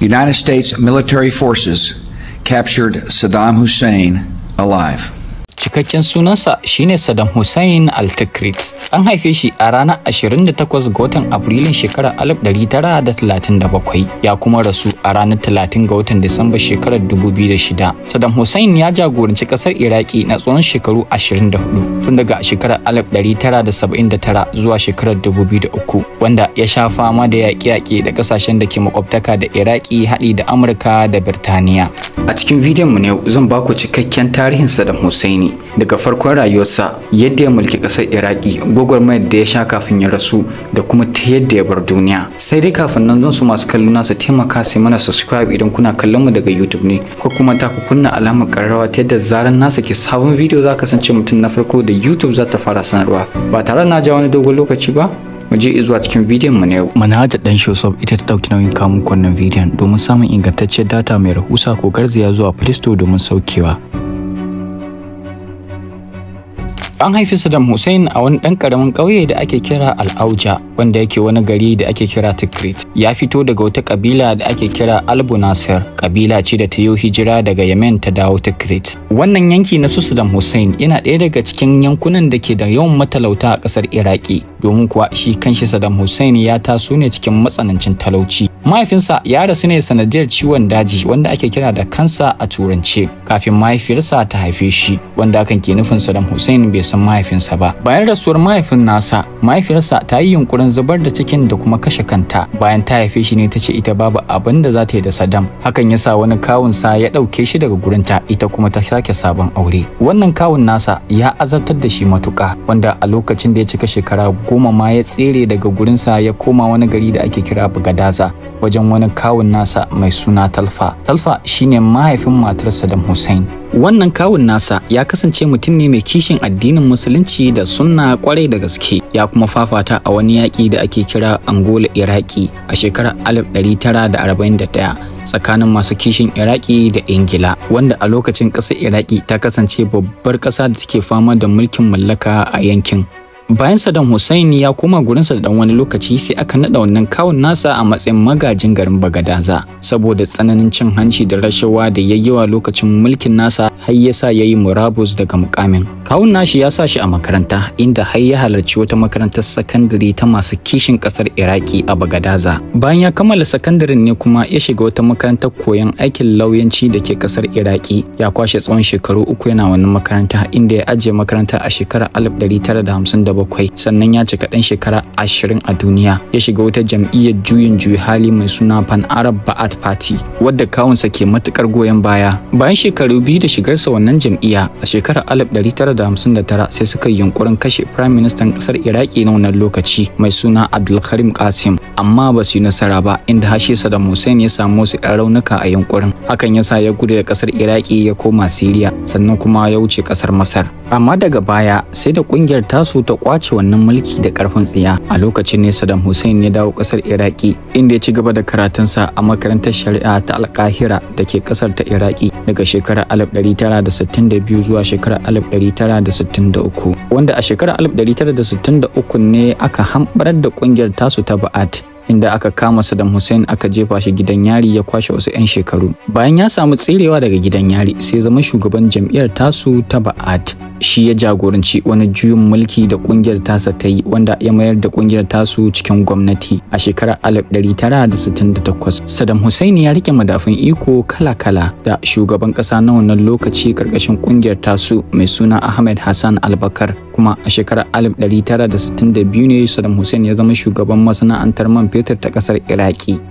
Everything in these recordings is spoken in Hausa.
United States military forces captured Saddam Hussein alive. Cikakken sunansa shine Saddam Hussein Al-Tikrit. An haife shi a ranar 28 ga watan Afrilun shekarar 1937 ya kuma rasu a ranar 30 ga watan Disamba shekarar 2006. Saddam Hussein ya jagoranci kasar Iraki na tsawon shekaru 24 tun daga shekarar 1979 zuwa shekarar 2003 wanda ya sha fama da yaƙe-yaƙe da ƙasashen da ke makwabtaka da Iraki haɗi da Amurka da Birtaniya. A cikin bidiyon mu ne zan baku cikakken tarihin Saddam Hussein daga farkon rayuwarsa yadda ya mulki ƙasar iraki gwagwarmayar da ya sha kafin ya rasu da kuma ta yadda ya bar duniya sai dai kafin nan zan su masu kallo na taimaka sai mana subscribe idan kuna kallon mu daga youtube ne ko kuma ta ku kunna alamar ƙararrawa ta yadda zaran na saki sabon bidiyo za kasance mutum na farko da youtube za ta fara sanarwa ba tare na ja wani dogon lokaci ba mu je zuwa cikin bidiyon mu na yau. Manhajar Dan Shosop ita ta dauki nauyin kamun wannan bidiyon domin samun ingantacciyar data mai rahusa ko garzaya zuwa Play Store domin saukewa. An haifi Saddam Hussein a wani ɗan ƙaramin ƙauye da ake kira Al-Auja, wanda yake wani gari da ake kira Tikrit. Ya fito daga wata ƙabila da ake kira Al-Bunasir, ƙabila ce da ta yi hijira daga Yemen ta dawo Tikrit. Wannan yanki na su Saddam Hussein yana ɗaya daga cikin yankunan da ke da yawan matalauta a ƙasar Iraki, domin kuwa shi kanshi Saddam Hussein ya taso ne cikin matsanancin talauci. mahaifinsa ya rasu ne sanadiyar ciwon daji wanda ake kira da kansa a turance kafin mahaifiyarsa ta haife shi wanda hakan ke nufin Saddam Hussein bai san mahaifinsa ba bayan rasuwar mahaifin nasa mahaifiyarsa ta yi yunkurin zubar da cikin da kuma kashe kanta bayan ta haife shi ne ta ce ita babu abin da za ta yi da Saddam hakan ya sa wani kawun sa ya ɗauke shi daga gurinta ita kuma ta sake sabon aure wannan kawun nasa ya azabtar da shi matuka, wanda a lokacin da ya cika shekara goma ma ya tsere daga gurinsa ya koma wani gari da ake kira Bagadaza wajen wani kawun nasa mai suna Talfa. Talfa shine mahaifin matarsa Saddam Hussein. Wannan kawun nasa ya kasance mutum ne mai kishin addinin musulunci da sunna kwarai da gaske ya kuma fafata a wani yaƙi da ake kira Angola Iraki a shekarar 1941. tsakanin masu kishin iraki da ingila wanda a lokacin ƙasar iraki ta kasance babbar ƙasa da take fama da mulkin mallaka a yankin bayan saddam Hussaini ya koma gurinsa da dan wani lokaci sai aka nada wannan kawun nasa a matsayin magajin garin Bagadaza saboda tsananin cin hanci da rashawa da yayyawa lokacin mulkin nasa har ya yasa yayi murabus daga mukamin kawun nashi ya sa shi a makaranta inda har ya halarci wata makarantar sakandare ta masu kishin kasar Iraki a Bagadaza bayan ya kammala sakandaren ne kuma ya shiga wata makarantar koyon aikin lauyanci da ke kasar Iraki ya kwashe tsawon shekaru uku yana wannan makaranta inda ya ajiye makaranta a shekarar 1957 bakwai sannan ya cika ɗan shekara ashirin a duniya ya shiga wata jam'iyyar juyin juyi hali mai suna pan arab ba'at party wadda kawunsa ke matukar goyon baya bayan shekaru biyu da shigarsa wannan jam'iyya a shekarar alif tara da da hamsin tara, sai suka yi yunkurin kashe prime minister kasar iraki na wannan lokaci mai suna abdulkarim kasim amma ba su yi nasara ba inda hashe da musain ya samu wasu 'yan raunuka a yunkurin hakan yasa ya gudu da kasar iraki ya koma siriya sannan kuma ya wuce kasar masar amma daga baya sai da kungiyar tasu ta kwace wannan mulki da karfin tsiya a lokacin ne saddam hussein ya dawo kasar iraki inda ya ci gaba da karatunsa a makarantar shari'a ta alkahira da ke kasar ta iraki daga shekarar 1962 zuwa shekarar 1963 wanda a shekarar 1963 ne aka hambarar da kungiyar tasu ta ba'at inda aka kama Saddam Hussein aka jefa shi gidan yari ya kwashe wasu 'yan shekaru. Bayan ya samu tserewa daga gidan yari sai zama shugaban jam'iyyar tasu ta Ba'at. Shi ya jagoranci wani juyin mulki da kungiyar tasa ta yi wanda ya mayar da kungiyar tasu cikin gwamnati a shekarar 1968. Saddam Hussein ya rike madafin iko kala-kala da shugaban ƙasa na wannan lokaci karkashin kungiyar tasu mai suna Ahmed Hassan Albakar kuma a shekarar 1962 ne Saddam Hussein ya zama shugaban masana'antar man fetur fetur ta ƙasar Iraki.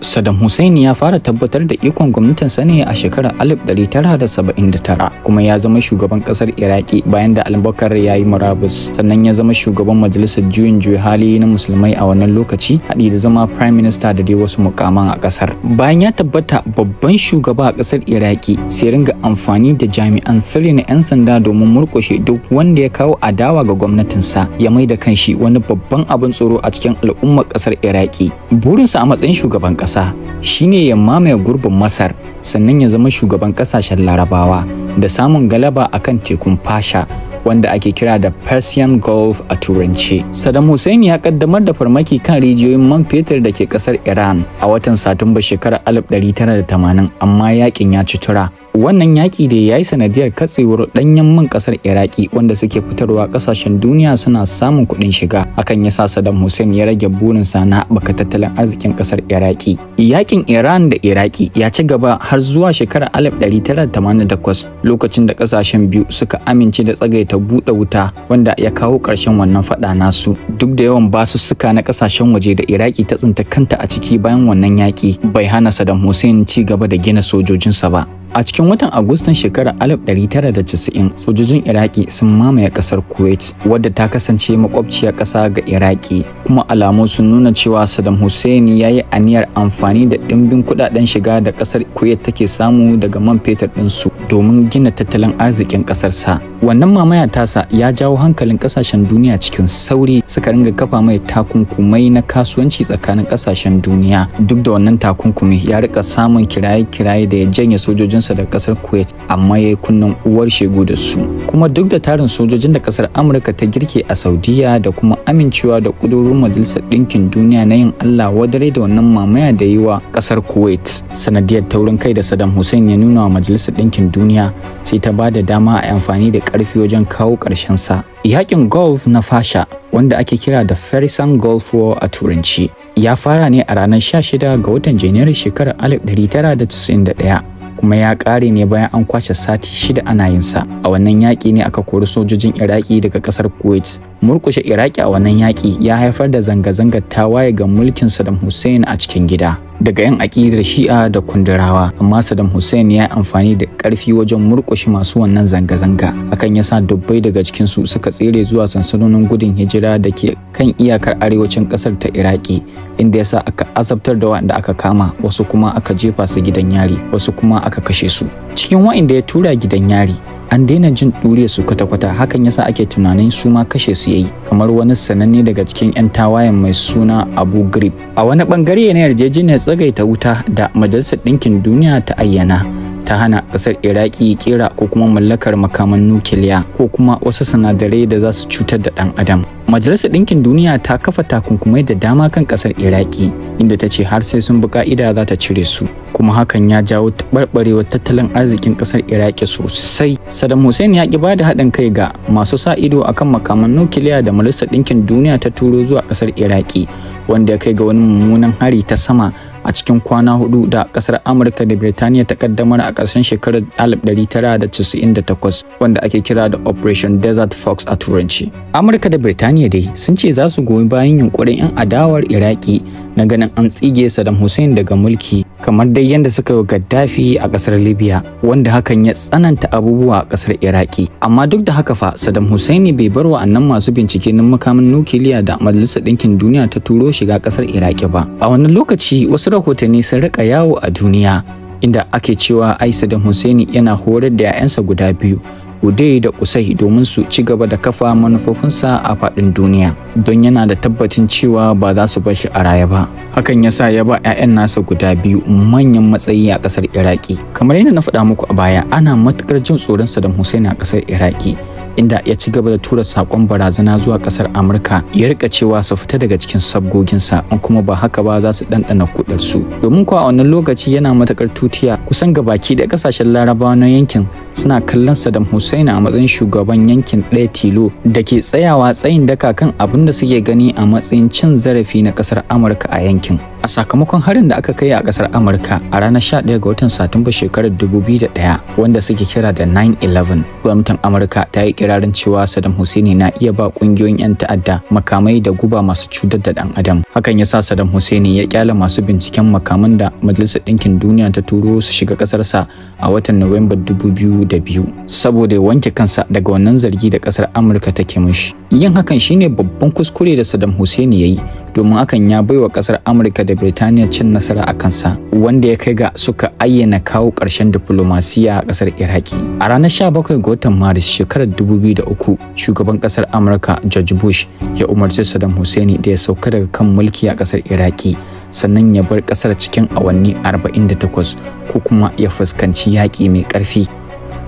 Saddam Hussein ya fara tabbatar da ikon gwamnatinsa ne a shekarar 1979 kuma ya zama shugaban kasar Iraki bayan da Al-Bakar ya yi murabus sannan ya zama shugaban majalisar juyin juyi hali na musulmai a wannan lokaci haɗi da zama prime minister da dai wasu mukaman a kasar. Bayan ya tabbata babban shugaba a kasar Iraki sai ringa amfani da jami'an sirri na 'yan sanda domin murkushe duk wanda ya kawo adawa ga gwamnatinsa ya mai da kanshi wani babban abin tsoro a cikin al'ummar kasar Iraki. Burinsa a matsayin shugaban ƙasa shine ya mamaye gurbin Masar sannan ya zama shugaban ƙasashen Larabawa da samun galaba akan tekun Fasha wanda ake kira da Persian Gulf a Turanci. Saddam Hussein ya kaddamar da farmaki kan rijiyoyin man fetur da ke kasar Iran a watan Satumba shekarar 1980 amma yakin ya ci tura wannan yaƙi da ya yi sanadiyar katsewar ɗanyen man ƙasar iraki wanda suke fitarwa ƙasashen duniya suna samun kuɗin shiga akan ya sa saddam hussein ya rage burinsa na haɓaka tattalin arzikin ƙasar iraki yaƙin iran da iraki ya ci gaba har zuwa shekara shekarar 1988 lokacin da ƙasashen biyu suka amince da tsagaita buɗe wuta wanda ya kawo ƙarshen wannan faɗa nasu duk da yawan basussuka na ƙasashen waje da iraki ta tsinta kanta a ciki bayan wannan yaƙi bai hana saddam hussein ci gaba da gina sojojinsa ba A cikin watan Agustan shekarar 1990, sojojin Iraki sun mamaye kasar Kuwait, wadda ta kasance makwabciyar ƙasa ga Iraki, kuma alamu sun nuna cewa Saddam Hussein ya yi aniyar amfani da ɗimbin kuɗaɗen shiga da ƙasar Kuwait take samu daga man fetur ɗinsu domin gina tattalin arzikin ƙasarsa. Wannan mamaya tasa ya jawo hankalin ƙasashen duniya cikin sauri suka ringa kafa mai takunkumai na kasuwanci tsakanin ƙasashen duniya. Duk da wannan takunkumi ya rika samun kiraye-kiraye da ya janye sojojin sojojinsa da kasar Kuwait amma yayi yi kunnen uwar shegu da su. Kuma duk da tarin sojojin da kasar Amurka ta girke a Saudiya da kuma amincewa da kudurin Majalisar Ɗinkin Duniya na yin Allah wadare da wannan mamaya da yi wa kasar Kuwait. Sanadiyar taurin kai da Saddam Hussein ya nuna wa Majalisar Ɗinkin Duniya sai ta ba da dama a amfani da karfi wajen kawo ƙarshen sa. Yakin golf na fasha wanda ake kira da Ferguson Golf War a Turanci ya fara ne a ranar 16 ga watan Janairun shekarar 1991 kuma ya ƙare ne bayan an kwashe sati shida ana yinsa, a wannan yaƙi ne aka kori sojojin iraki daga ƙasar kuwait murkushe iraki a wannan yaƙi ya haifar da zanga-zangar tawaye ga mulkin saddam hussein a cikin gida daga yan aƙidar shi'a da kundurawa amma saddam hussein ya yi amfani da ƙarfi wajen murkushe masu wannan zanga-zanga hakan ya sa dubbai daga cikinsu suka tsere zuwa sansanonin gudun hijira da ke kan iyakar arewacin ƙasar ta iraki inda ya sa aka azabtar da wanda aka kama wasu kuma aka jefa su gidan yari wasu kuma aka kashe su cikin wa'inda ya tura gidan yari an daina jin su kwata-kwata hakan yasa ake tunanin su ma kashe su yayi kamar wani sananne daga cikin 'yan tawayen mai suna abu grip a wani bangare na yarjejeniyar tsagaita wuta da majalisar ɗinkin duniya ta ayyana ta hana ƙasar iraki kera ko kuma mallakar makaman nukiliya ko kuma wasu sinadarai da za su cutar da ɗan adam Majalisar Ɗinkin Duniya ta kafa takunkumai da dama kan ƙasar Iraki, inda ta ce har sai sun bi ƙa'ida za ta cire su. Kuma hakan ya jawo taɓarɓarewar tattalin arzikin ƙasar Iraki sosai. Saddam Hussein ya ƙi ba da haɗin kai ga masu sa ido a kan makaman nukiliya da Majalisar Ɗinkin Duniya ta turo zuwa ƙasar Iraki, wanda ya kai ga wani mummunan hari ta sama a cikin kwana hudu da kasar Amurka da Birtaniya ta kaddamar a ƙarshen shekarar 1998 wanda ake kira da Operation Desert Fox a Turanci. Amurka da Birtaniya dai sun ce za su goyi bayan yunkurin 'yan adawar Iraki na ganin an tsige Saddam Hussein daga mulki kamar dai yadda suka yi Gaddafi a ƙasar Libya wanda hakan ya tsananta abubuwa a ƙasar Iraki. Amma duk da haka fa Saddam Hussein bai bar wa annan masu bincike na makamin nukiliya da Majalisar Ɗinkin Duniya ta turo shiga ƙasar Iraki ba. A wannan lokaci wasu rahotanni sun rika yawo a duniya inda ake cewa aisa da Hussaini yana horar da 'ya'yansa guda biyu Uday da Kusai domin su ci gaba da kafa manufofinsa a faɗin duniya don yana da tabbacin cewa ba za su bar shi a raya ba. Hakan ya sa ya ba 'ya'yan nasa guda biyu manyan matsayi a ƙasar Iraki. Kamar yadda na faɗa muku a baya ana matuƙar jin tsoron Saddam Hussein a ƙasar Iraki. inda ya ci gaba da tura sakon barazana zuwa kasar amurka ya rika cewa su fita daga cikin sabgoginsa in kuma ba haka ba za su ɗanɗana kudar su domin kuwa a wannan lokaci yana matakar tutiya kusan gabaki da kasashen larabawa na yankin suna kallon Saddam Hussein a matsayin shugaban yankin ɗaya tilo da ke tsayawa tsayin daka kan abin da suke gani a matsayin cin zarafi na ƙasar Amurka a yankin. a sakamakon harin da aka kai a kasar amurka a ranar 11 ga watan satumba shekarar 2001 wanda suke kira da 9-11 gwamnatin amurka ta yi kirarin cewa saddam hussein na iya ba kungiyoyin 'yan ta'adda makamai da guba masu cutar da dan adam hakan ya sa saddam hussein ya kyala masu binciken makaman da majalisar ɗinkin duniya ta turo su shiga ƙasarsa a watan nuwamba 2002 saboda ya wanke kansa daga wannan zargi da ƙasar amurka take mishi yin hakan shine babban kuskure da saddam hussein ya yi domin hakan ya baiwa ƙasar amurka da da Birtaniya cin nasara a kansa wanda ya kai ga suka ayyana kawo ƙarshen diplomasiya a ƙasar Iraki. A ranar 17 ga watan Maris shekarar 2003 shugaban ƙasar Amurka George Bush ya umarci Saddam Hussein da ya sauka daga kan mulki a ƙasar Iraki sannan ya bar ƙasar cikin awanni 48 ko kuma ya fuskanci yaƙi mai ƙarfi.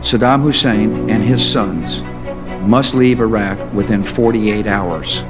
Saddam Hussein and his sons must leave Iraq within 48 hours.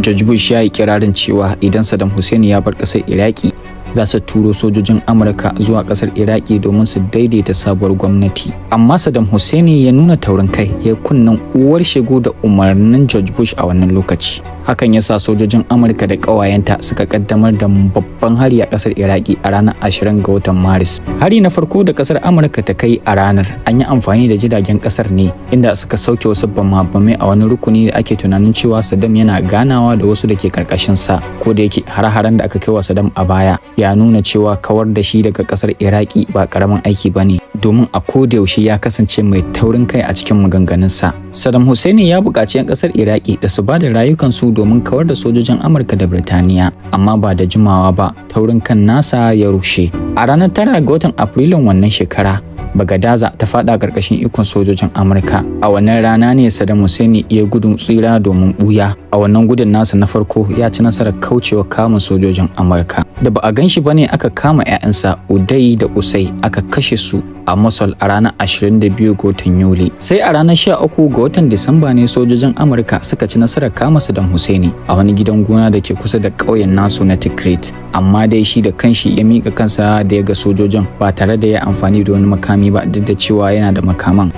George Bush ya yi kirarin cewa idan Saddam Hussein ya bar kasar Iraki za su turo sojojin Amurka zuwa kasar Iraki domin su daidaita sabuwar gwamnati. Amma Saddam Hussein ya nuna taurin kai ya kunnan uwar shigo da umarnin George Bush a wannan lokaci. hakan ya sa sojojin amurka da ƙawayenta suka kaddamar da babban hari a ƙasar iraki a ranar 20 ga watan maris hari na farko da ƙasar amurka ta kai a ranar an yi amfani da jiragen ƙasar ne inda suka sauke wasu bamabamai a wani rukuni da ake tunanin cewa saddam yana ganawa da wasu da ke sa ko da yake har-haren da aka kai wa saddam a baya ya nuna cewa kawar da shi daga ƙasar iraki ba ƙaramin aiki ba ne domin a yaushe ya kasance mai taurin kai a cikin maganganunsa saddam hussein ya buƙaci 'yan ƙasar iraki da su bada da rayukansu domin kawar da sojojin Amurka da Birtaniya, amma ba da jimawa ba, taurin kan nasa ya rushe. A ranar tara ga watan Afrilun wannan shekara, Bagadaza ta fada ƙarƙashin ikon sojojin Amurka. A wannan rana ne Saddam Hussein ya gudun tsira domin buya. A wannan gudun nasa na farko ya ci nasarar kaucewa kamun sojojin Amurka. da ba a gan shi ba ne aka kama 'ya'yansa udai da Usai aka kashe su a Mosul a ranar 22 ga watan Yuli. Sai a ranar 13 ga watan Disamba ne sojojin Amurka suka ci nasarar kama Saddam Hussein a wani gidan gona da ke kusa da ƙauyen nasu na Tikrit. Amma dai shi da kanshi ya mika kansa da ya ga sojojin ba tare da ya amfani da wani makami ba duk da cewa yana da makaman.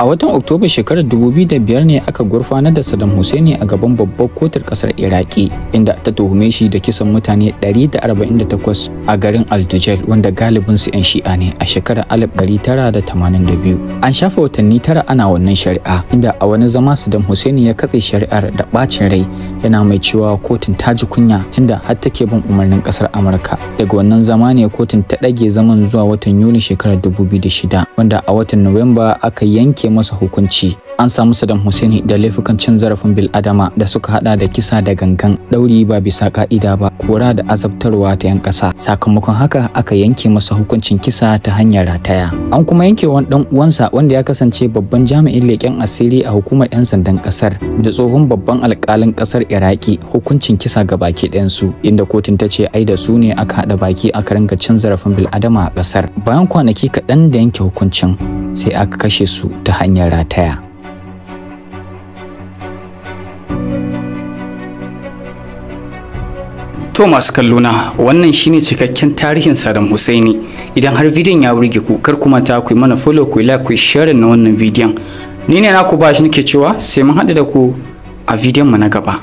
a watan oktoba shekarar 2005 ne aka gurfanar da saddam hussein a gaban babbar kotar kasar iraki inda ta tuhume shi da kisan mutane 148 a garin al Al-Dujail wanda galibin su 'yan shi'a ne a shekarar 1982 an shafa watanni tara ana wannan shari'a inda a wani zama saddam hussein ya katse shari'ar da bacin rai yana mai cewa kotun ta ji kunya tunda har take bin umarnin kasar amurka daga wannan zama ne kotun ta ɗage zaman zuwa watan yuli shekarar 2006 wanda a watan nuwamba aka yanke yanke masa hukunci an samu Saddam Hussein da laifukan cin zarafin bil'adama da suka hada da kisa da gangan ɗauri ba bisa ka'ida ba kora da azabtarwa ta 'yan ƙasa sakamakon haka aka yanke masa hukuncin kisa ta hanyar rataya an kuma yanke wani dan uwansa wanda ya kasance babban jami'in leken asiri a hukumar 'yan sandan ƙasar da tsohon babban alƙalin ƙasar Iraki hukuncin kisa ga baki su, inda kotun ta ce ai da su ne aka haɗa baki aka ringa cin zarafin bil'adama a ƙasar bayan kwanaki kaɗan da yanke hukuncin sai aka kashe su ta hanyar rataya To masu kallona wannan shine cikakken tarihin Saddam Husaini. Idan har bidiyon ya burge ku kar kuma ta ku mana follow ku like ku share na wannan bidiyon. Ni ne na ku ba shi nake cewa sai mun haɗu da ku a bidiyon mu na gaba.